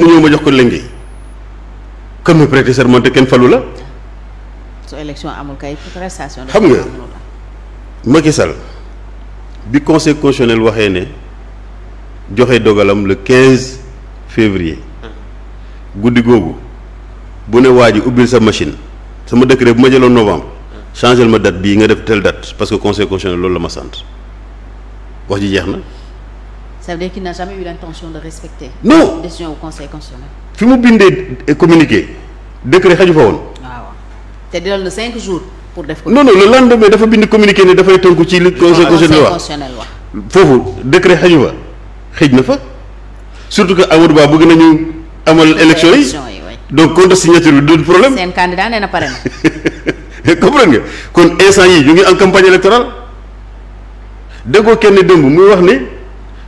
mu ñëw ma jox ko lëngi comme mu prêter serment te kenn falu la. su élection amul kay prestation. xam nga Macky Sall bi conseil constitutionnel waxee ne joxe dogalam le 15 février. guddi googu bu ne waa ji ubbil sa machine sama décret bu ma jëloon novembre. changel ma date bii nga def telle date parce que conseil constitutionnel loolu la ma sant wax ji jeex na. ça veut dire qu'il n'a jamais eu l'intention de respecter. non décision au fi mu bindee communiqué décret xaju fa ah, te delloo na jours pour def ko. non non le dafa bind communiqué ni dafay tonk ci li. conseil constitutionnel wax foofu décret xaju fa xëj na fa surtout que Amadou Ba bëgg nañu amal. élection yi donc contre signature bi du problème. seen candidat na pare nga kon instant yii ñu ngi en campagne électorale déggoo kenn démb muy wax ne.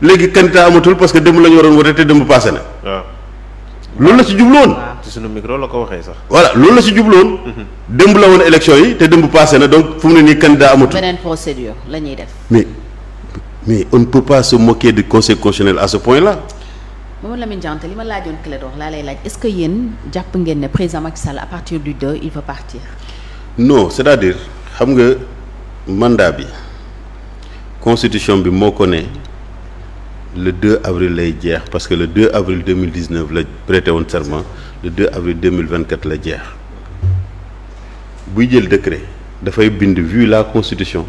léegi candidat amatul parce que démb la ñu waroon wote te démb passé na. waaw loolu la ci jubloon ah, ci sunu micro la ko waxee sax. voilà loolu la si jubluwoon. Mhm. démb la woon élection yi te démb passé na donc fu mu ne nii candidat amatul. beneen procédure la ñuy def. mais mais on ne peut pas se du conseil constitutionnel à ce point là. moom Lamine Diante li ma laajoon Clédor laa lay laaj est-ce que yéen jàpp ngeen ne président Macky Sall à partir du 2 il va partir. non c'est-à-dire xam nga mandat bi constitution bi moo le 2 avril lay jeex parce que le 2 avril 2019 la prêté woon serment le 2 avril 2024 la jeex buy jël décret dafay bind vu la constitution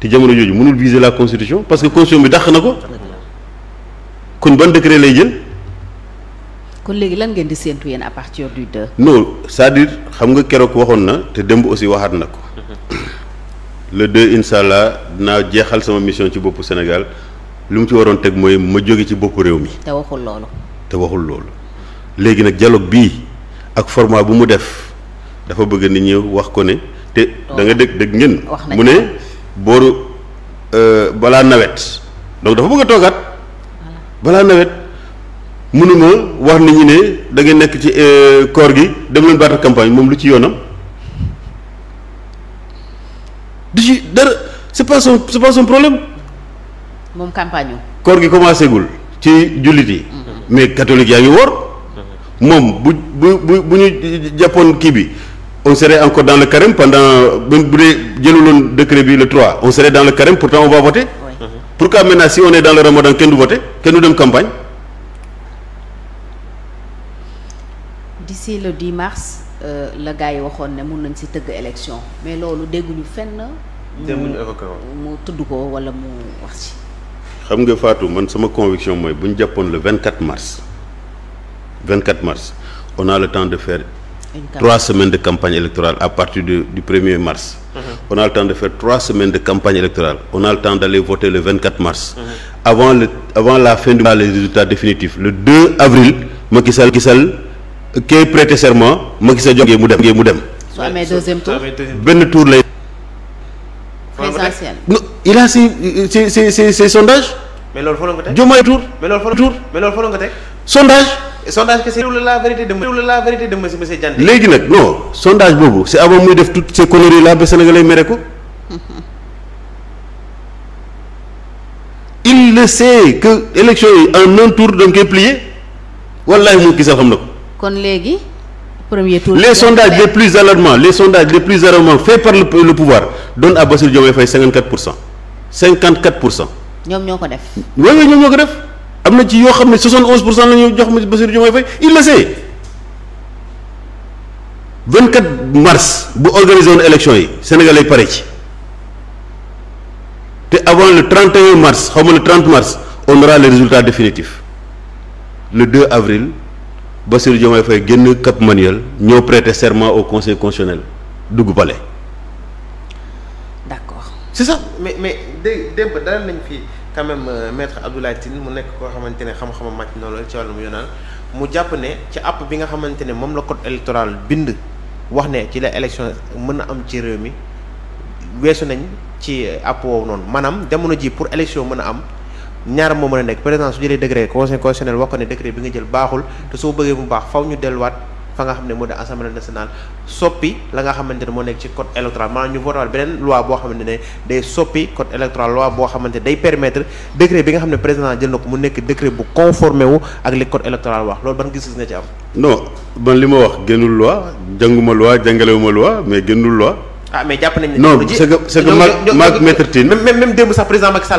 te jamono jooju mënul viser la constitution parce que constitution bi dàq na ko kon ban décret lay jël. kon léegi lan ngeen di séentu yéen à partir du 2. non cest à xam nga keroog waxoon na te démb aussi waxaat na ko. le 2 incha allah dinaa jeexal sama mission ci boppu Sénégal. li mu ci waroon teg mooy ma jóge ci boppu réew mi. te waxul loolu. te waxul loolu léegi nag dialogue bii ak format bu mu def dafa bëgg nit ñi wax ko ne te. da nga dégg dégg ngeen. mu ne booru euh, balaa nawet. donc dafa bëgg a toogaat balaa nawet mënuma wax nit ñi ne da ngay nekk ci euh, koor gi dem leen battre campagne moom lu ci yoonam du ci dara c'est pas c'est pas problème. moom campagne koor gi commencé gul ci jullit yi. Mm-hmm. mais catholique yaa ngi wóor. moom bu bu bu bu ñu jàppoon kii bi on serait encore dans le carême pendant bu bu dee jëluloon décret bi le trois on serait dans le carême pourtant on va voter. Oui. Mm-hmm. pourquoi maintenant si on est dans le ramadan kenn du voter kenn du dem campagne. le 10 mars euh, la gars yi waxoon ne mun nañ ci tëgg élection mais loolu dégguñu fenn. mu mu tudd ko walla mu wax ci. xam nga Fatou man sama conviction mooy bu ñu jàppoon le 24 mars 24 mars on a le temps de faire trois semaines de campagne électorale à partir du du premier mars mm -hmm. on a le temps de faire trois semaines de campagne électorale on a le temps d'aller voter le 24 mars mm -hmm. avant le avant la fin du mois les résultats définitifs le 2 avril Macky Sall Macky Sall kay euh, serment Macky Sall jógee mu dem mu dem benn tour lay l'essentiel non il a ses ses ses ses, ses sondages. mais loolu fa la ko la Tour mais loolu la ko teg. sondage. sondage kese la la vérité de la vérité de monsieur monsieur Diané. léegi nag non sondage boobu c'est avant muy def toutes ces conneries là ba Sénégalais mere ko. il le sait que élection yi en un tour da nga koy plier wallaahi mu gisal xam na ko. kon léegi. premier tour. les sondages les plus alarmants les sondages les plus alarmants faits par le, le pouvoir donnent à Bassirou Diomaye Faye 54 pour cent 54 pour cent. ñoom ñoo ko def. waaw waaw ñoom ñoo ko def am na ci yoo xam ne 71 pour cent la ñu jox Bassirou Diomaye Faye il le sait 24 mars bu organiser woon élection yi Sénégal lay pare ci te avant le 31 mars xaw ma le 30 mars on aura les résultats définitifs le 2 avril. Bassirou Diomaye Faye génn Cap Manuel ñoo prêter serment au conseil constitutionnel dugg palais. d'accord ci sax mais mais dé démb dalal nañ fi quand même euh, maître Abdoulaye mu nekk koo xamante ne xam-xamam màcc na lool ci wàllum yoonal mu jàpp ne ci àpp bi nga xamante ne moom la code électoral bind wax ne ci la élection mën a am ci réew mi weesu nañ ci euh, app woowu noonu maanaam jamono jii pour élection mën a am. ñaar moo mën a nekk président su jëlee décret conseil constitutionnel wax ko ne décret bi nga jël baaxul te soo bëggee mu baax faw ñu delluwaat fa nga xam ne moo di assemblée nationale soppi la nga xamante ne moo nekk ci code électoral maanaam ñu voté boo xamante ne day soppi code électoral boo xamante day permettre décret bi nga xam ne président jël na ko mu nekk décret bu conformé wu ak li code électoral wax loolu ban gis-gis nga ci am. no man li ma wax gënul loi jànguma loi jàngalewuma loi mais gënul loi. ah mais jàpp nañ ne. non c'est que c'est que maag maag maître Tine. même même démb sax na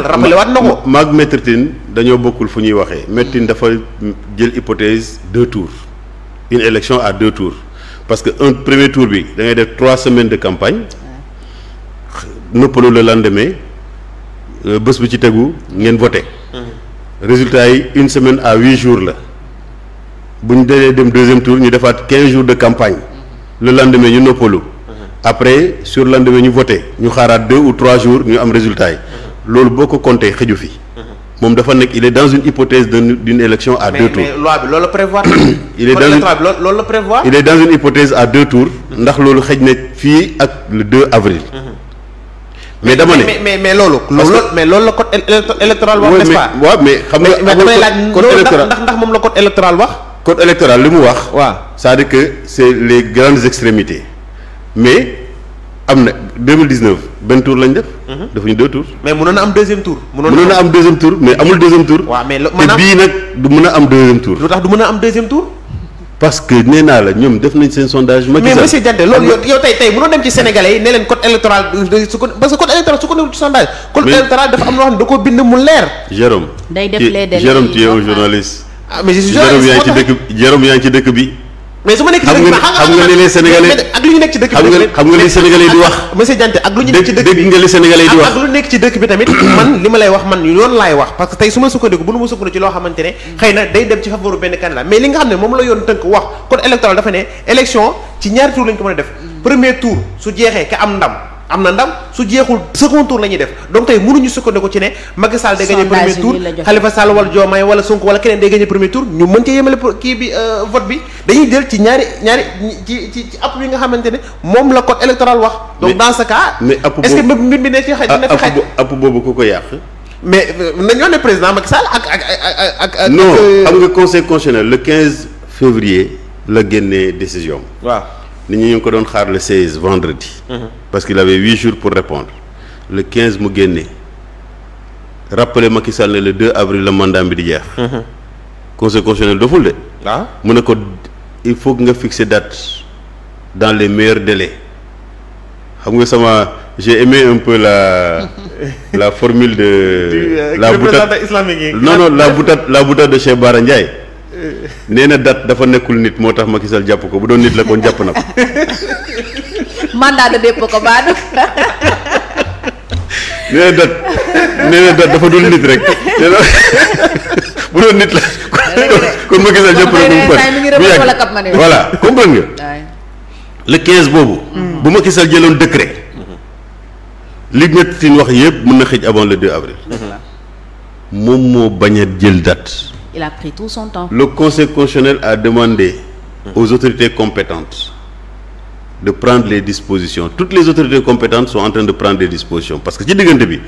ko. maag maître dañoo bokkul fu ñuy waxee. maître Tine dafa jël hypothèse deux tours une élection à deux tours parce que un premier tour bi da def trois semaines de campagne noppalu le lendemain euh, bés bu ci tegu ngeen voté. Mmh. résultat yi une semaine à huit jours la bu ñu dee dem deuxième tour ñu defaat quinze jours de campagne mmh. la lendemain ñu noppalu. après sur lendemain ñu voté ñu xaaraat deux ou trois jours ñu am résultat yi loolu boo ko compté xëju fi moom dafa nekk il est dans une hypothèse d'une d'une élection à mais, deux tours mais loi loolu prévoir. prévoir. il est dans une hypothèse à deux tours. ndax loolu xëj na fii ak le avril. Mm-hmm. mais dama ne mais mais mais loolu. loolu la code électoral wax nest mais xam nga damay laaj code ndax ndax moom la code électoral wax. code électoral li mu wax. waa cest à que c'est les grandes extrémités. mais am na 2019 benn tour lañ def. Mhm. defuñu deux tours. mais mënoon na am deuxième tour. mënoon na am deuxième tour mais amul deuxième tour. waaw mais te bii nag du mën a am deuxième tour. lu tax du mën a am deuxième tour. parce que nee naa la ñoom def nañ seen sondage. Macky Sall mais monsieur Diagne loolu yow tey tey mënoo dem ci sénégalais yi ne leen code électoral euh, su ko parce que code électoral su ko newul ci sondage. code électoral dafa am loo xam ne da koo bind mu leer. Jérôme. day ah, ci dëkk bi. mais su ma nekk ci dëkk bi xam nga li les sénégalais ak lu xam nga li sénégalais di wax monsieur ak lu ñu nekk ci dëkk bi man li ma lay wax man yoon laay wax parce que tey su ma sukkandiku bu nu ma sukkandiku ci loo xamante ne xëy na day dem ci faveur benn candidat mais li nga xam ne moom la yoon tënk wax code électoral dafa ne élection ci ñaari tour lañ ko mën a def premier tour su jeexee ka am ndam am na ndam su jeexul second tour la ñuy def donc tey mënuñu ko ci ne Macky Sall day gagné premier tour Khalifa Sall wala Diomaye wala Sonko wala keneen day gagné premier tour ñu mën cee yemale kii bi euh, vote bi dañuy jël ci ñaari ñaari ci ci ci app yi nga xamante ne moom la code électoral wax donc dans ce cas est-ce que mbir bi ne ci xaj na fi xaj app boobu ku ko yàq mais euh, nañoo ne président Macky Sall ak ak ak ak non euh, xam nga conseil le quinze février la génne décision waaw nit ñu ngi ko doon xaar le vendredi. Mhm. parce qu'il avait huit jours pour répondre le 15 mu génnee rappelé Macky ne le 2 avril la mandat bi di jeex. Mhm. conseil constitutionnel de. waaw ah. mu ko il faut que nga fixer date dans les meilleurs délais xam nga sama j'ai un peu la formule de. Euh, la boutade islamique la boutade la boutade de Cheikh Bara Ndiaye. nee na date dafa nekkul nit moo tax ma Sall jàpp ko bu doon nit la kon jàpp na ko. mandat de dépôt ko dafa dul nit rek nee na bu doon nit la. kon Macky Sall jàpp na ko bu pare bu voilà nga. le 15 boobu. Hmm. bu Macky Sall jëloon décret. Hmm. li nga tin wax yëpp mën na xëj avant le 2 avril. moom moo bañ a jël date. il a pris tout son temps. Le Conseil constitutionnel a demandé aux autorités compétentes de prendre les dispositions toutes les autorités compétentes sont en train de prendre des dispositions parce que ci diggante bi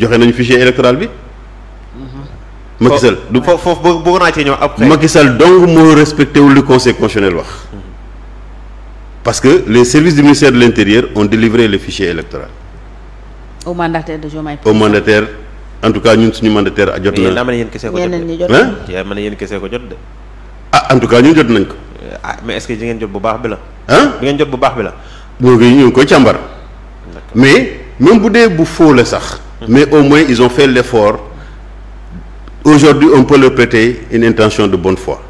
joxe nañu fichier électoral bi. Mm-hmm. Macky Sall du foofu foofu bëgg naa ci ñëw après. Macky Sall moo respecté wul le conseil constitutionnel wax. Mm-hmm. parce que les services du ministère de l'intérieur ont délivré le fichier électoral. au mandataire de Diomaye. au mandataire. en tout cas ñun suñu mandataire a jot na. mais yéen a yéen kese ko jot de jot ah en tout cas ñun jot nañ ko. Euh, ah mais est di ngeen jot bu baax bi la. ah di ngeen jot bu baax bi la. ñoo ngi ñu ngi koy càmbar. mais même bu dee bu faux la sax. Hmm. mais au moins ils ont fait l'effort aujourd'hui on peut leur prêter une intention de bon foi.